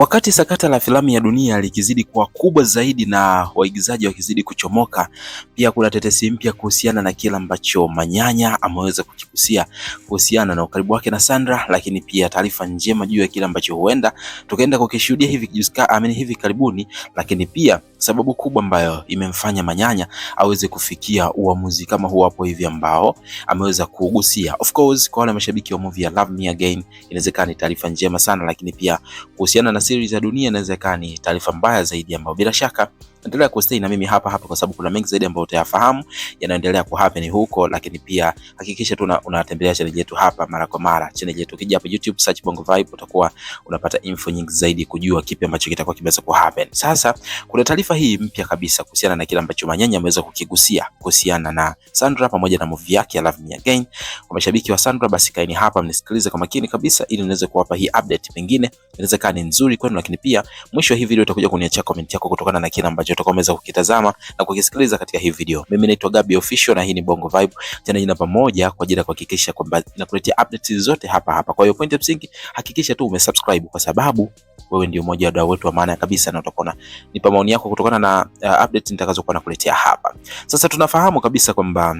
Wakati sakata la filamu ya dunia likizidi kuwa kubwa zaidi na waigizaji wakizidi kuchomoka, pia kuna tetesi mpya kuhusiana na kile ambacho Manyanya ameweza kukigusia kuhusiana na ukaribu wake na Sandra, lakini pia taarifa njema juu ya kile ambacho huenda tukaenda kukishuhudia hivi amini hivi karibuni, lakini pia sababu kubwa ambayo imemfanya Manyanya aweze kufikia uamuzi kama huo hapo hivi ambao ameweza kugusia. Of course, kwa wale mashabiki wa movie ya Love Me Again, inawezekana ni taarifa njema sana, lakini pia kuhusiana na siri za dunia na Zekani, taarifa mbaya zaidi ambayo bila shaka endelea kustay na mimi hapa hapa, kwa sababu kuna mengi zaidi ambayo utayafahamu yanaendelea ku happen huko, lakini pia hakikisha tu unatembelea channel yetu hapa mara kwa mara. Channel yetu ukija hapo YouTube search Bongo Vibe, utakuwa unapata info nyingi zaidi kujua kipi ambacho kitakuwa kimeweza ku happen. Sasa kuna taarifa hii mpya kabisa kuhusiana na kile ambacho Manyanya ameweza kukigusia kuhusiana na Sandra pamoja na movie yake ya Love Me Again. Kwa mashabiki wa Sandra, basi kaini hapa mnisikilize kwa makini kabisa, ili niweze kuwapa hii update, pengine inaweza kaa ni nzuri kwenu, lakini pia mwisho wa hii video utakuja kuniachia comment yako kutokana na kile ambacho ambacho tutakuwa tumeweza kukitazama na kukisikiliza katika hii video. Mimi naitwa Gabi Official na hii ni Bongo Vibe, tena jina pamoja kwa ajili ya kuhakikisha kwamba nakuletea updates zote hapa hapa. Kwa hiyo point of sync, hakikisha tu umesubscribe kwa sababu wewe ndio mmoja wa wadau wetu wa maana kabisa, na utakuwa nipa maoni yako kutokana na uh, update nitakazokuwa nakuletea hapa. Sasa tunafahamu kabisa kwamba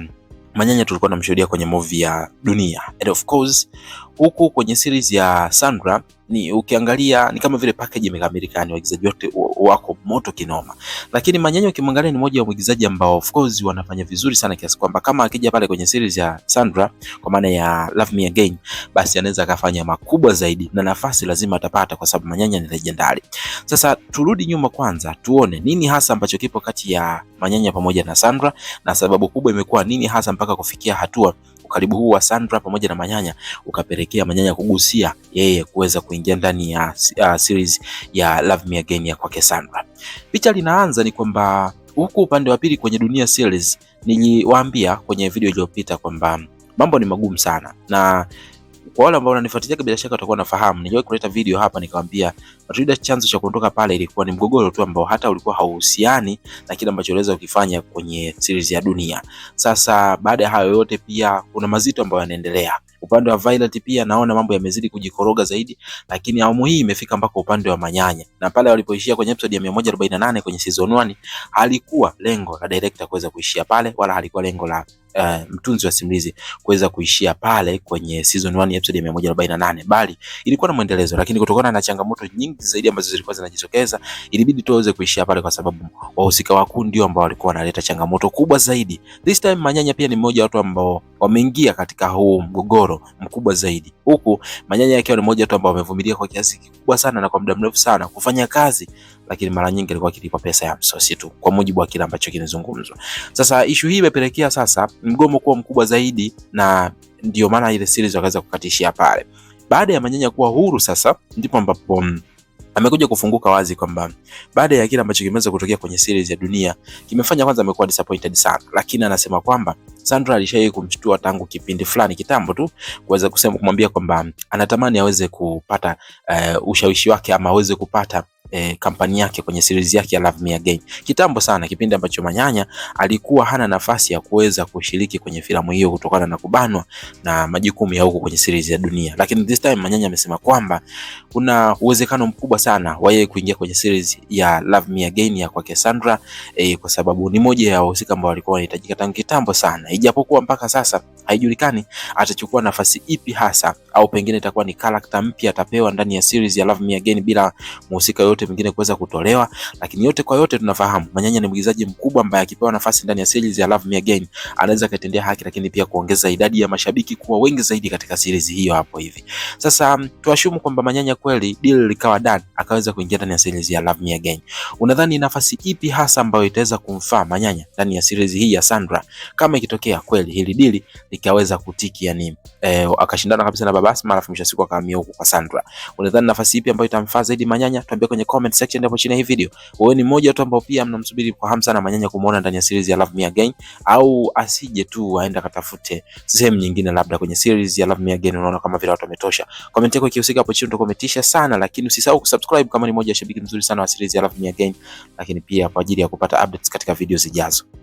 Manyanya tulikuwa tunamshuhudia kwenye movie ya Dunia, and of course huku kwenye series ya Sandra ni ukiangalia ni kama vile package imekamilika, ni waigizaji wote wako moto kinoma. Lakini Manyanyi ukimwangalia ni mmoja wa mwigizaji ambao of course wanafanya vizuri sana kiasi kwamba kama akija pale kwenye series ya Sandra kwa maana ya Love Me Again, basi anaweza akafanya makubwa zaidi na nafasi lazima atapata, kwa sababu Manyanya ni legendary. Sasa turudi nyuma kwanza, tuone nini hasa ambacho kipo kati ya manyanya pamoja na Sandra, na sababu kubwa imekuwa nini hasa mpaka kufikia hatua ukaribu huu wa Sandra pamoja na Manyanya ukapelekea Manyanya kugusia yeye kuweza kuingia ndani ya uh, series ya Love Me Again ya kwake Sandra. Picha linaanza ni kwamba huku upande wa pili kwenye Dunia series niliwaambia kwenye video iliyopita kwamba mambo ni magumu sana na kwa wale ambao wananifuatilia bila shaka watakuwa nafahamu, nijawahi kuleta video hapa nikamwambia Matrida chanzo cha kuondoka pale ilikuwa ni mgogoro tu ambao hata ulikuwa hauhusiani na kile ambacho aliweza kukifanya kwenye series ya Dunia. Sasa baada ya hayo yote, pia kuna mazito ambayo yanaendelea upande wa Violet pia naona mambo yamezidi kujikoroga zaidi, lakini awamu hii imefika mpaka upande wa Manyanya, na pale walipoishia kwenye episode ya 148 kwenye season 1 halikuwa lengo la director kuweza kuishia pale, wala halikuwa lengo la uh, mtunzi wa simulizi kuweza kuishia pale kwenye season 1 episode ya 148, bali ilikuwa na mwendelezo, lakini kutokana na changamoto nyingi zaidi ambazo zilikuwa zinajitokeza ilibidi tuweze kuishia pale, kwa sababu wahusika wakuu ndio ambao walikuwa wanaleta changamoto kubwa zaidi. This time Manyanya pia ni mmoja wa watu ambao wameingia katika huu mgogoro mkubwa zaidi, huku manyanya yake ni moja tu ambao wamevumilia kwa kiasi kikubwa sana na kwa muda mrefu sana kufanya kazi, lakini mara nyingi alikuwa akilipa pesa ya msosi tu, kwa mujibu wa kile ambacho kinazungumzwa. Sasa ishu hii imepelekea sasa mgomo kuwa mkubwa zaidi, na ndio maana ile series wakaweza kukatishia pale. Baada ya manyanya kuwa huru sasa, ndipo ambapo mm, amekuja kufunguka wazi kwamba baada ya kile ambacho kimeweza kutokea kwenye series ya dunia kimefanya kwanza amekuwa disappointed sana, lakini anasema kwamba Sandra alishawahi kumshtua tangu kipindi fulani kitambo tu kuweza kusema kumwambia kwamba anatamani aweze kupata uh, ushawishi wake ama aweze kupata eh, kampani yake kwenye series yake ya Love Me Again. Kitambo sana kipindi ambacho Manyanya alikuwa hana nafasi ya kuweza kushiriki kwenye filamu hiyo kutokana na kubanwa na majukumu ya huko kwenye series ya Dunia. Lakini this time Manyanya amesema kwamba kuna uwezekano mkubwa sana wa yeye kuingia kwenye series ya Love Me Again ya kwake Sandra eh, kwa sababu ni moja ya wahusika ambao walikuwa wanahitajika tangu kitambo sana. Ijapokuwa mpaka sasa haijulikani atachukua nafasi ipi hasa au pengine itakuwa ni karakta mpya atapewa ndani ya series ya Love Me Again bila mhusika yote mwingine kuweza kutolewa. Lakini yote kwa yote, tunafahamu Manyanya ni mwigizaji mkubwa ambaye akipewa nafasi ndani ya series ya Love Me Again anaweza kutendea haki, lakini pia kuongeza idadi ya mashabiki kuwa wengi zaidi katika series hiyo hapo hivi. Sasa mm, tuashumu kwamba Manyanya kweli deal likawa done, akaweza kuingia ndani ya series ya Love Me Again. Unadhani nafasi ipi hasa ambayo itaweza kumfaa Manyanya ndani ya series hii ya Sandra kama ikitokea kweli hili deal likaweza kutiki yani, eh, akashindana kabisa na basi mara fumisha siku akahamia huko kwa Sandra. Unadhani nafasi ipi ambayo itamfaa zaidi Manyanya? Tuambie kwenye comment section hapo chini ya hii video. Wewe ni mmoja tu ambao pia mnamsubiri kwa hamu sana Manyanya kumuona ndani ya series ya Love Me Again au asije tu aende akatafute sehemu nyingine labda kwenye series ya Love Me Again unaona kama vile watu wametosha. Comment yako ikihusika hapo chini utakuwa umetisha sana lakini usisahau kusubscribe kama ni mmoja wa shabiki mzuri sana wa series ya Love Me Again lakini pia kwa ajili ya kupata updates katika video zijazo.